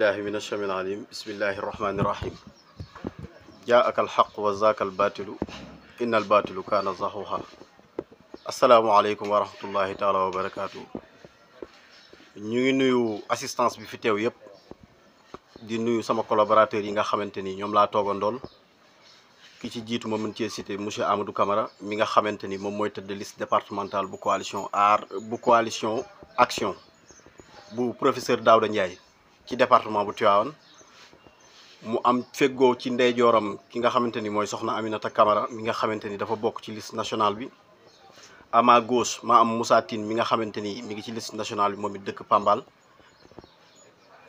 billahi min ashami alim bismillahi irrahmani irrahim jaaka alxaq wa zaaka albaatilu inna albaatilu kaana zahuha asalaamualeykum wa rahmatullahi taala wa barakaatu ñu ngi nuyu assistance bi fi teew yëpp di nuyu sama collaborateur yi nga xamante ni ñoom laa toogandool ki ci jiitu moom mën cee cité monsieur Amadou Camara mi nga xamante ni moom mooy tëdd liste départementale bu coalition aar bu coalition action bu professeur Daouda Ndiaye ci département bu Tivaouane mu am feggoo ci ndeyjooram ki nga xamante ni mooy soxna ami Aminata Camara mi nga xamante ni dafa bokk ci liste nationale bi à ma ma am Moussa Tine mi nga xamante ni mi ngi ci liste national bi moom it dëkk Pambal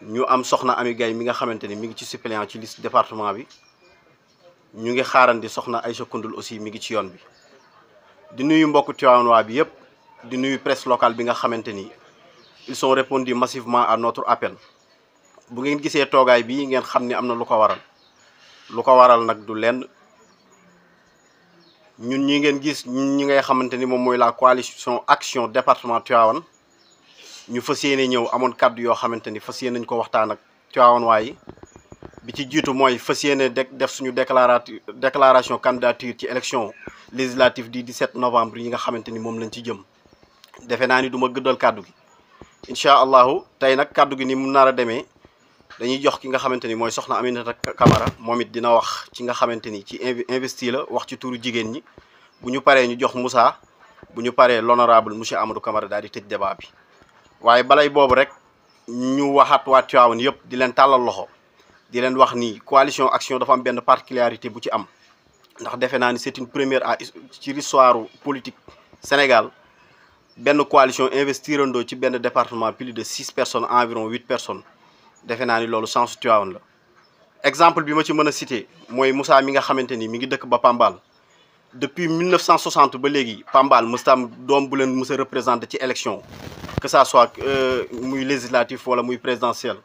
ñu am soxna Ami Gaye mi nga xamante ni mi ngi ci suppléant ci liste département bi ñu ngi xaarandi soxna Aïcha Koundoul aussi mi ngi ci yoon bi di nuyu mbokk Tivaouane waa bi yëpp di nuyu presse local bi nga xamante ni ils ont répondu massivement à notre appel bu ngeen gisee toogaay bi bii ngeen xam ni am na lu ko waral lu ko waral nag du lenn ñun ñi ngeen gis ñun ñi ngay xamante ni moom mooy la coalition action département Tivaouane ñu fas yéene ñëw amoon kàddu yoo xamante ni fas yéene nañ ko waxtaan ak Tivaouane waay bi ci jiitu mooy fas yéene def suñu déclarati déclaration candidature ci élection législative du 17 novembre yi nga xamante ni moom lañ ci jëm defe naa ni du ma gëddal kàddu gi incha allahu tey nag kàddu gi ni mu nar a demee dañuy jox ki nga xamante ni mooy soxna Aminata Camara moom it dina wax ci nga xamante ni ci investi la wax ci turu jigéen ñi bu ñu paree ñu jox Moussa bu ñu paree l'honorable monsieur Amadou Camara daal di tëj débat bi waaye balay boobu rek ñu waxaat waa Tivaouane yëpp di leen tàllal loxo di leen wax ni coalition action dafa am benn particularité bu ci am ndax defe naa ni c'est une première à ci histoire politique Sénégal benn coalition investirandoo ci benn département plus de six personnes environ huit personnes defe naa ni loolu chance Tivaouane la exemple bi ma ci mën a cité mooy Moussa mi nga xamante ni mi ngi dëkk ba Pambal depuis 1960 ba léegi Pambal mëstaam doom bu leen mës représenté ci élection que ça soit euh, muy législatif wala muy présidentiel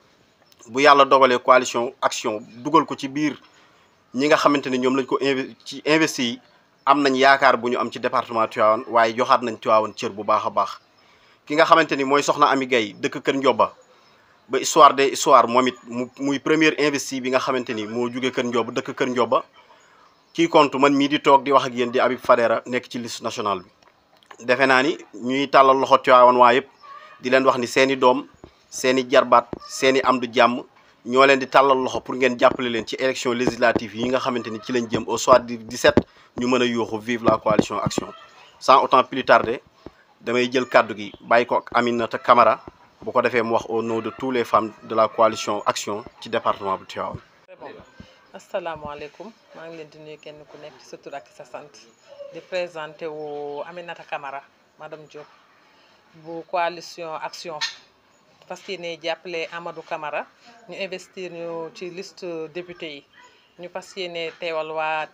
bu yàlla dogalee coalition action dugal ko ci biir ñi nga xamante ni ñoom lañ ko ci investi yi am nañ yaakaar bu ñu am ci département Tivaouane waaye joxaat nañ Tivaouane cër bu baax a baax ki nga xamante ni mooy soxna Ami Gaye dëkk Kër Ndioba ba histoire des histoire moom mu muy première investi bi nga xamante ni moo jóge Kër Ndiob dëkk Kër Ndiob kii compte man mii di toog di wax ak yéen di Habib Fadera nekk ci liste national bi. defe naa ni ñuy tàllal loxo Tivaouane waa yëpp di leen wax ni seen i doom seen i jarbaat seen i am du jàmm ñoo leen di tàllal loxo pour ngeen jàppale leen ci élection législative yi nga xamante ni ci lañ jëm au soir du 17 ñu mën a yooxu vive la coalition action sans autant plus tarder damay jël kàddu gi bàyyi ko ak Aminata Camara. boo ko defee mu wax au nom de tous les femmes de la coalition action ci département bu Tivaouane. bon asalaamaaleykum maa ngi leen di nuyu kenn ku nekk sa tur ak sa sant di présenté wu Aminata Camara madame Diop bu coalition action parce que ne jàppale Amadou kamara ñu investir ñu ci liste député yi ñu fas yéene teewal waa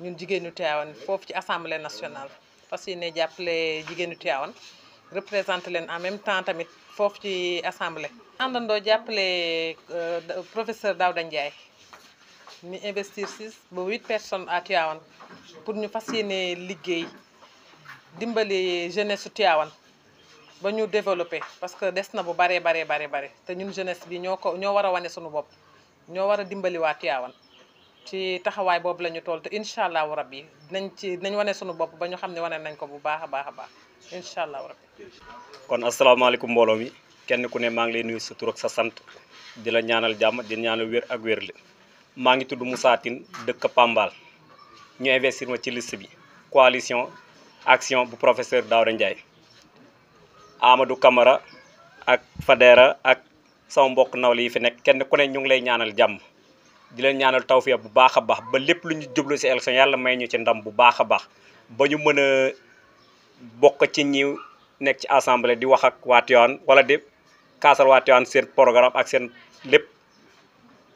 ñun jigéenu Tivaouane foofu ci assemblée nationale fas yéene jàppale jigéenu Tivaouane. représenté leen en même temps tamit foofu ci assemblée. àndandoo jàppale euh, professeur Daouda Ndiaye ñu investir six ba huit personnes à Tivaouane pour ñu fas yéene liggéey dimbali jeunesse su Tivaouane ba ñu développé parce que des na bu baree baree baree bare te ñun jeunesse bi ñoo ko ñoo war a wane suñu bopp ñoo war a dimbali waa Tivaouane ci taxawaay boobu la ñu toll te incha allahu rabbi dinañ ci dinañ wane sunu bopp ba ñu xam ne wane nañ ko bu baax a baax a baax. incha allah rabbi kon asalaamaaleykum mbooloo mi kenn ku ne maa ngi lay nuyu sa ak sa sant di la ñaanal jàmm di ñaanal wér ak wér la maa ngi tudd Moussa Tine dëkk Pambal ñu investir ma ci liste bi coalition action bu professeur Daouda Ndiaye Amadou Camara ak Fadera ak sama mbokk nawle yi fi nekk kenn ku ne ñu ngi lay ñaanal jàmm di leen ñaanal tawfiya bu baax a baax ba lépp lu ñu jublu si élection yàlla may ñu ci ndam bu baax a baax ba ñu mën bokk ci ñi nekk ci assemblée di wax ak waa wala di kaasal waa Tivaouane seen programme ak seen lépp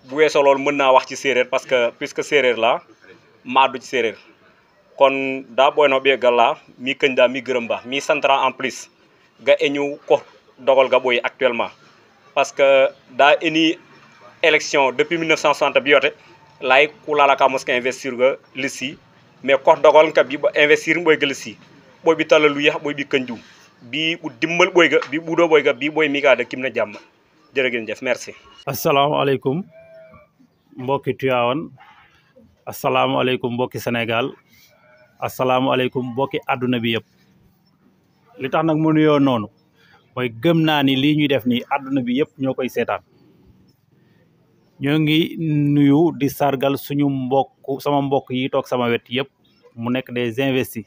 bu weesoo loolu mën naa wax ci séeréer parce que puisque séeréer la maadu ci séeréer kon daa boyno ɓeegal la mi këñ daa mi gërëm ba mi santra en plus ga eñu ko dogal ga ɓoyi actuellement parce que daa eni élection depuis 1960 bi yote lay ku lala ka mos ka investir ga lissi mais ko dogal ka bi investir mboy ga lissi ɓoy ɓe talaluya ɓoy ɓe kanjum bi ɓu dimmal ɓoy ga bi ɓuɗo ɓoy ga bi ɓoy mi kaada kimna jamma jërëgeen jëf merci asalaamaaleykum mbokki Tiwaawan asalaamaaleykum mbokki Sénégal asalaamaaleykum mbokki àdduna bi yëpp li tax nag mo nuyoo noonu mooy gëm naa ni lii ñuy def nii àdduna bi yëpp ñoo koy seetaan ñoo ngi nuyu di sargal suñu mbokk sama mbokk yi toog sama wet yëpp mu nekk de investis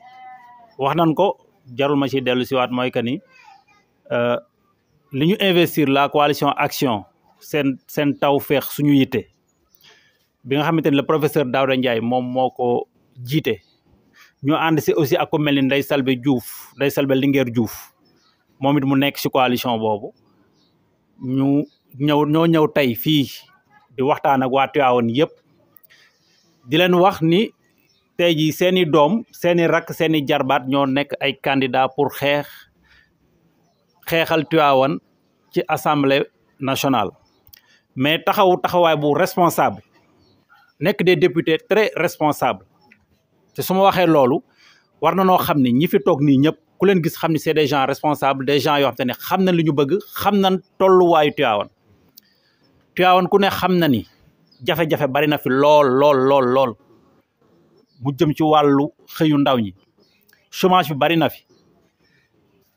wax nan ko jarul ma ci dellu siwaat mooy que ni euh, li ñu investir la coalition action seen seen taw feex suñu yitte bi nga xamante ni le professeur Daouda Ndiaye moom moo ko jiite ñu ànd si aussi ako ku mel ni Ndeye Salbe Diouf Ndeye Salbe Linguère Diouf moom it mu nekk si coalition boobu ñu ñëw ñoo ñëw tey fii di waxtaan ak waa yëpp di leen wax ni tey jii seeni doom seeni rakk seeni jarbaat ñoo nekk ay candidat pour xeex xeexal Tivaouane ci assemblée nationale mais taxawu taxawaay bu responsable nekk des députés très responsable te su ma waxee loolu war na noo xam ne ñi fi toog nii ñëpp ku leen gis xam ne c'est des gens responsables des gens yoo xam te ne xam na li ñu bëgg xam nañ tolluwaayu Tivaouane Tivaouane ku ne xam na ni jafe-jafe bari na fi lool lool lool lool bu jëm ci wàllu xëyu ndaw ñi chômage bi bari na fi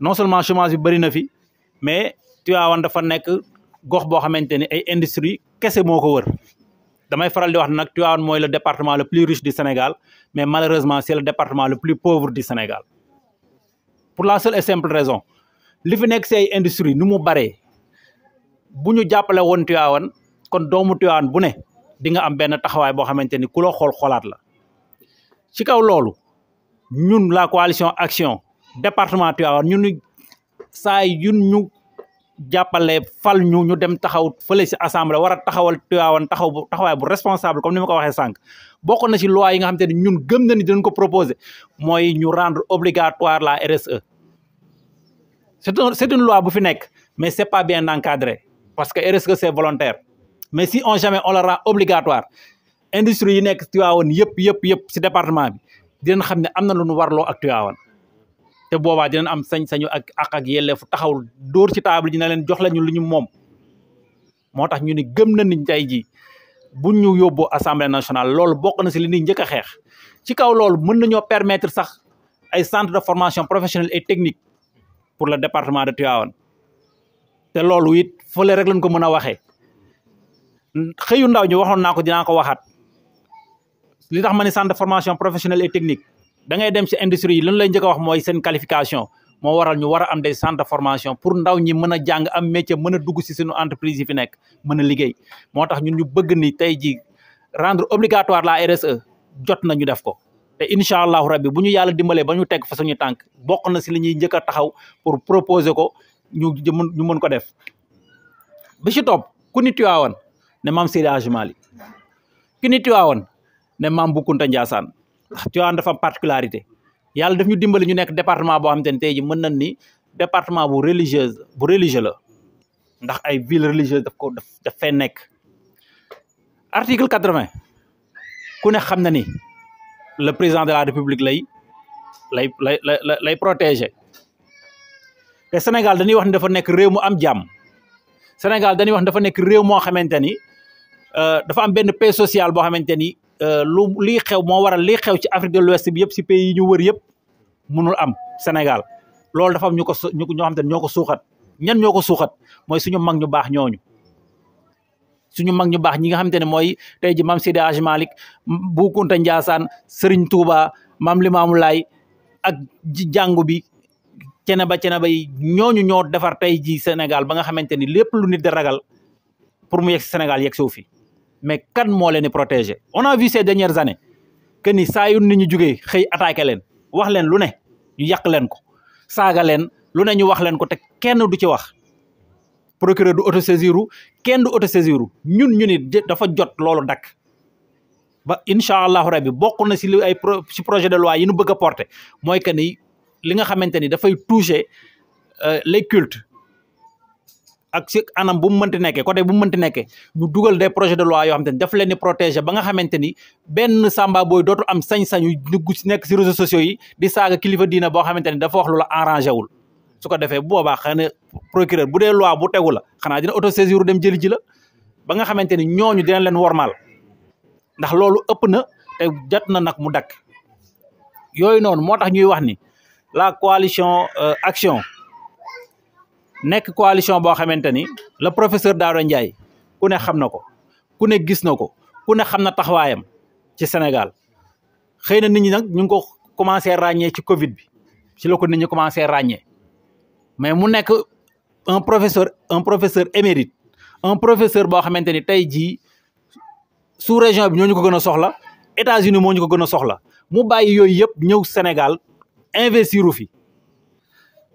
non seulement chômage bi bari na fi mais Tivaouane dafa nekk gox boo xamante ne ay industrie kese moo ko wër damay faral di wax nag Tivaouane mooy le département le plus riche du Sénégal mais malheureusement c'est le département le plus pauvre du Sénégal pour la seule et raison li fi nekk si ay industrie nu mu baree bu ñu jàppale woon Tivaouane kon doomu Tivaouane bu ne di nga am benn taxawaay boo xamante ni ku xool xoolaat la ci kaw loolu ñun la coalition action département Tivaouane ñun ñu saa yun ñu jàppale fal ñu ñu dem taxaw fële si assemblée war a taxawal Tivaouane taxaw bu bu responsable comme ni ma ko waxee sànq bokk na ci loi yi nga xam te ne ñun gëm na ni dinañ ko proposé mooy ñu rendre obligatoire la RSE c'est un c'est une loi bu fi nekk mais c'est pas bien encadré parce que RSE c'est volontaire mais si on jamais obligatoire industrie yi nekk Tivaouane yëpp yëpp yëpp si département bi dinañ xam ne am na lu nu warloo ak Tivaouane te boobaa dinañ am sañ-sañu ak ak ak yelleefu taxawul dóor ci table ji na leen jox lañu lu ñu moom moo tax ñu ni gëm na ni tey jii bu ñu yóbboo assemblée nationale loolu bokk na si li njëkk a xeex ci kaw loolu mën nañoo permettre sax ay centre de formation professionnelle et technique pour le département de Tivaouane te loolu it fële rek lañ ko mën a waxee xëyu ndaw ñi waxoon naa ko dinaa ko waxaat li tax ma ne centre de formation professionnelle et technique da dem si industrie yi lan lay njëkk a wax mooy seen qualification moo waral ñu war a am des centres formation pour ndaw ñi mën a jàng am métier mën a dugg si suñu entreprise yi fi nekk mën a liggéey moo tax ñun ñu bëgg ni tey ji rendre obligatoire la RSE jot na ñu def ko te incha allahu rabbi bu ñu yàlla dimbalee ba ñu teg fa suñu tànk bokk na si li ñuy njëkk a taxaw pour proposer ko ñu ñu mën ko def bi si topp ku ni Tiwaawan ne maam ne maam bu Kunta Ndiassane ndax Tivaouane dafa am particularité yàlla daf ñu dimbali ñu nekk département boo xam te ne tey ji mën nañ ni département bu religieuse bu religieux la ndax ay ville religieuse daf ko daf daf fee nekk article quatre-vingt ku ne xam na ni le président de la république lay lay lay lay lay protéger te Sénégal dañuy wax ni dafa nekk réew mu am jàmm Sénégal dañuy dafa moo euh, am benn paix sociale boo xamante ni Euh, lu lii xew moo waral lii xew ci Afrique de l'Ouest bi yëpp si pays yi ñu wër yëpp munul am Sénégal loolu dafa am ñu ko ñu ñoo xam te ñoo ko suuxat ñan ñoo ko suuxat mooy suñu mag ñu baax ñooñu suñu mag ñu baax ñi nga xamante ne mooy tey ji maam Seydi Hadji Malick Bu Kunta Njaasaan Sëriñ Tuuba maam Limaamu Laay ak jàngu bi cene ba cene bay ñooñu ñoo defar tey ji Sénégal ba nga xamante ni lépp lu nit di ragal pour mu yegg Sénégal yegg siwu fi mais kan moo leen di protéger on a vu ces dernières que ni saa yu nit ñu jugee xëy attaqué leen wax leen lu ne ñu yàq leen ko saaga leen lu ne ñu wax leen ko te kenn du ci wax procureur du auto autosaisiru kenn du autosaisiru ñun ñu ni dafa jot loolu dakk ba incha allahu rabbi bokk na si li ay si projet de loi yi ñu bëgg a porter mooy que ni li nga xamante ni dafay toucher euh, les cultes ak si anam bu mu mënti nekkee côté bu mu mënti nekkee ñu dugal de projet de loi yo xam te ni daf leen di protéger ba ni benn samba booy dootu am sañ-sañu dugg si nekk si réseaux sociaux yi di saaga kilifa dina boo xamante ni dafa wax lu la arrangé wul su ko defee bu boobaa xanaa procureur bu dee loi bu tegu la xanaa dina auto-saisir dem jëli ji la ba nga xamante ni ñooñu dina leen wormaal ndax loolu ëpp na te jot na nag mu dakk yooyu noonu moo tax ñuy wax ni la coalition euh, action nekk coalition boo xamante ni la professeur Daouda Ndiaye ku ne xam na ko ku ne gis na ko ku ne xam na taxawaayam ci Sénégal xëy na nit ñi nag ñu ngi ko commencé ràññee ci Covid bi ci la ko nit ñi commencé ràññee mais mu nekk un professeur un professeur émérite un professeur boo xamante ni tey jii sous région bi ñooñu ko gën a soxla États-Unis moo ñu ko gën a soxla mu bàyyi yooyu yëpp ñëw Sénégal investir investiru fi.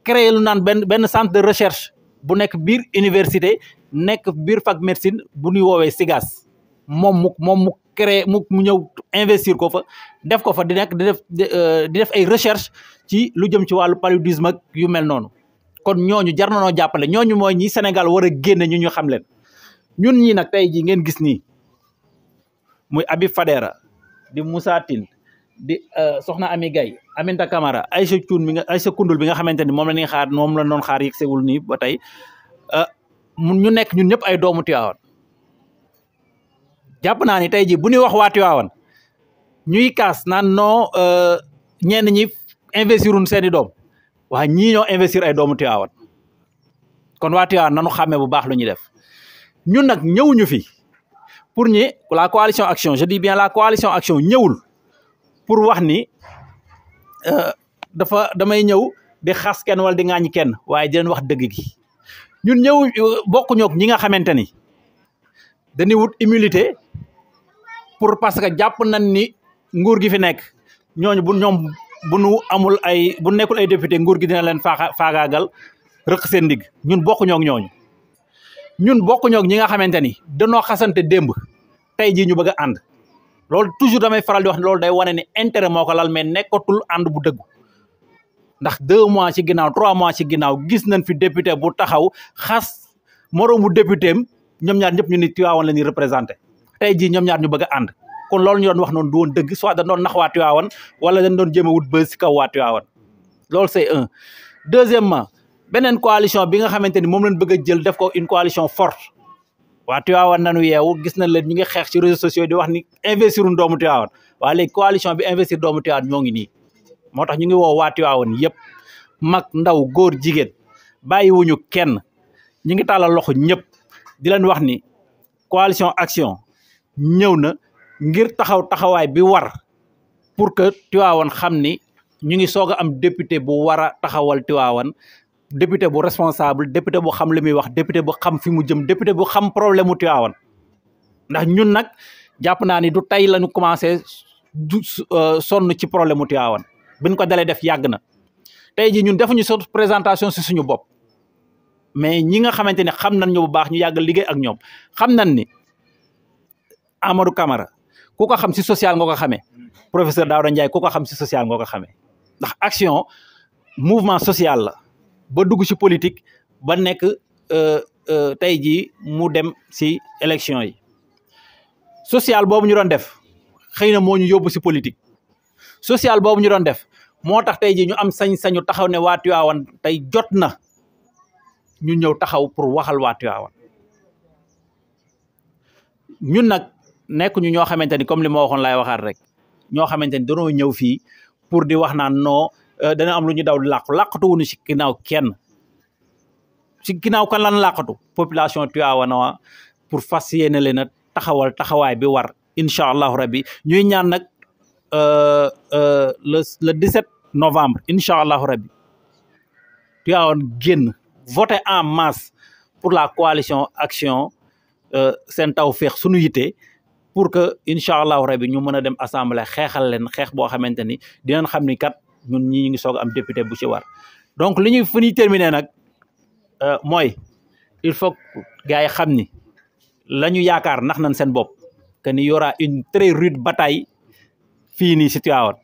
créer lu naan benn benn centre de recherche bu nekk biir université nekk biir fac médecine bu ñuy woowee SIGAS moom mu moom mu créer mu mu ñëw investir ko fa def ko fa di nekk di def di euh, def ay recherche ci lu jëm ci wàllu paludisme yu mel noonu kon ñooñu jar na jàppale ñooñu mooy ñi Sénégal war a génne ñu ñu xam leen ñun ñi nag tey jii ngeen gis nii muy abi Fadera di Moussa Tine di euh, Soxna Ami Gaye Aminta Camara Aïcha Thioune mi nga Aïcha Koundoul bi nga xamante ni moom la ñuy xaar moom la doon xaar yegg sewul nii ba tey euh, ñu nekk ñun ñëpp ay doomu Tiwaawan jàpp naa ni tey jii bu ñuy wax waa Tiwaawan ñuy kaas naan non euh, ñenn ñi investirun seeni doom waa ñii ñoo investir ay doomu Tiwaawan kon waa Tiwaawan nanu xàmmee bu baax lu ñuy def ñun nag ñëwuñu fi pour ñi la coalition action je dis bien la coalition action ñëwul pour wax ni Euh, dafa damay ñëw di xas kenn wala di ŋaañ kenn waaye di leen wax dëgg gi ñun ñëw euh, bokkuñook ñi nga xamante ni dañuy wut immunité pour parce que jàpp nañ ni nguur gi fi nekk ñooñ bu ñoom bu nu amul ay bu nekkul ay député nguur gi dina leen faaxa faagaagal rëq seen ndigg ñun bokkuñook ñooñ ñun bokkuñook ñi nga xamante danoo xasante démb tey jii ñu bëgg a ànd loolu toujours damay faral di wax ne loolu day wane ne intérêt moo ko lal nekkatul ànd bu dëggu ndax deux mois ci ginnaaw trois mois ci ginnaaw gis nañ fi député bu taxaw xas moroomu député am ñoom ñaar ñëpp ñu ni Tiwaawan la ñuy représenté tey ji ñoom ñaar ñu bëgg a ànd kon loolu ñu doon wax noonu du dëgg soit dañ doon nax waa Tiwaawan wala dañ doon jéem wut bës si kaw waa Tiwaawan loolu c'est un deuxièmement beneen coalition bi nga xamante ni moom lañ bëgg jël def ko une coalition forte waa Tiwaawan nanu yeewu gis nañ leen ñu ngi xeex ci réseaux sociaux di wax ni investir doomu Tiwaawan waa léegi coalition bi investir doomu Tiwaawan ñoo ngi nii moo tax ñu ngi woo waa Tiwaawan yëpp mag ndaw góor jigéen bàyyiwuñu kenn ñu ngi tàllal loxo ñëpp di leen wax ni coalition action ñëw na ngir taxaw taxawaay bi war pour que Tiwaawan xam ni ñu ngi soog a am député bu war a taxawal Tiwaawan député bo responsable député bu xam li muy wax député bu xam fi mu jëm député bo xam problème mu Tiwaawan ndax ñun nag jàpp naa ni du tey ñu commencé du euh, sonn ci problème mu Tiwaawan biñ ko dalee def yàgg na tey ji ñun defuñu sa présentation si suñu bopp mais ñi nga xamante ne xam nañ ñu bu baax ñu yàgg liggéey ak ñoom xam nañ ni Amadou Camara ku ko xam si social nga ko xamee professeur Daouda Ndiaye ku ko xam si social nga ko xamee ndax action mouvement social la ba dugg ci politique ba nekk euh, euh, tey jii mu dem ci élection yi social boobu ñu doon def xëy na moo ñu yóbbu ci politique social boobu ñu doon def moo tax tey jii ñu am sañ-sañu taxaw ne waa wan tey jot na ñu ñëw taxaw pour waxal waa wan ñun nag nekk ñu ñoo xamante ni comme li ma waxoon laay waxaat rek ñoo xamante fii Euh, dana am lu ñu daw làqu làqatu wuñu si ginnaaw kenn si ginnaaw kan lan làqatu population Tivaouane pour fas yéene leen a taxawal taxawaay bi war incha allahu rabbi ñuy ñaan nag euh, euh, le le 17 novembre incha allahu rabbi Tivaouane génn voter en masse pour la coalition action seen taw féex sunu yite pour que incha allahu rabbi ñu mën a dem assemblée xeexal len xeex boo xamante ni dinañ xam ni kat. ñun ñi ñu ngi soog am député bu ci war donc li ñuy fu ñuy terminer nag euh, mooy il faut gars yi xam ni la ñu yaakaar nax nañ seen bopp que ni y aura une très rude bataille fii nii si Tivaouane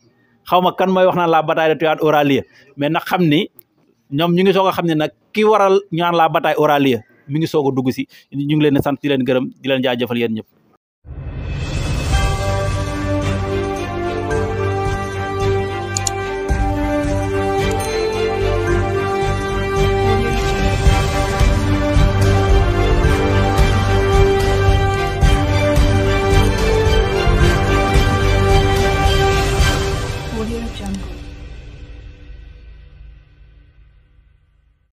xaw ma kan mooy wax naan la bataille de Tivaouane aura mais nag xam ni ñoom ñu ngi soog a xam ne nag ki waral ñu naan la bataille aura lieu mi ngi soog a dugg si ñu ngi leen di sant di leen gërëm di leen jaajëfal yéen ñëpp.